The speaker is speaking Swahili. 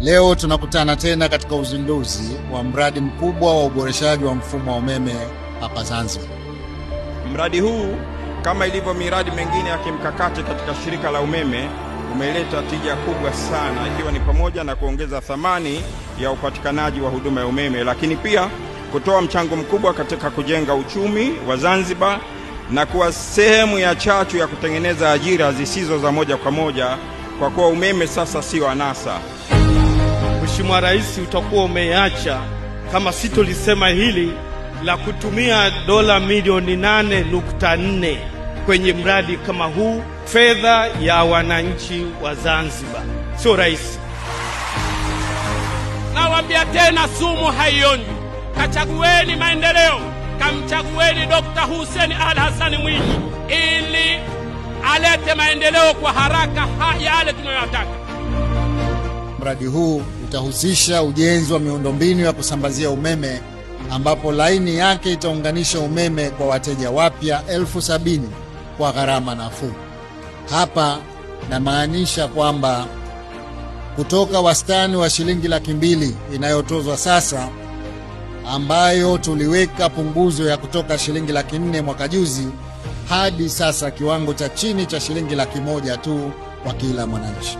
Leo tunakutana tena katika uzinduzi wa mradi mkubwa wa uboreshaji wa mfumo wa umeme hapa Zanzibar. Mradi huu kama ilivyo miradi mengine ya kimkakati katika shirika la umeme umeleta tija kubwa sana, ikiwa ni pamoja na kuongeza thamani ya upatikanaji wa huduma ya umeme, lakini pia kutoa mchango mkubwa katika kujenga uchumi wa Zanzibar na kuwa sehemu ya chachu ya kutengeneza ajira zisizo za moja kwa moja, kwa kuwa umeme sasa sio anasa. Mheshimiwa Rais utakuwa umeacha kama sitolisema hili la kutumia dola milioni nane nukta nne kwenye mradi kama huu, fedha ya wananchi wa Zanzibar, sio rais. Nawaambia tena, sumu haionji. Kachagueni maendeleo, kamchagueni Dokta Hussein Ali Hassan Mwinyi ili alete maendeleo kwa haraka haya yale tunayoyataka mradi huu utahusisha ujenzi wa miundombinu ya kusambazia umeme ambapo laini yake itaunganisha umeme kwa wateja wapya elfu sabini kwa gharama nafuu. Hapa namaanisha kwamba kutoka wastani wa shilingi laki mbili inayotozwa sasa, ambayo tuliweka punguzo ya kutoka shilingi laki nne mwaka juzi hadi sasa kiwango cha chini cha shilingi laki moja tu kwa kila mwananchi.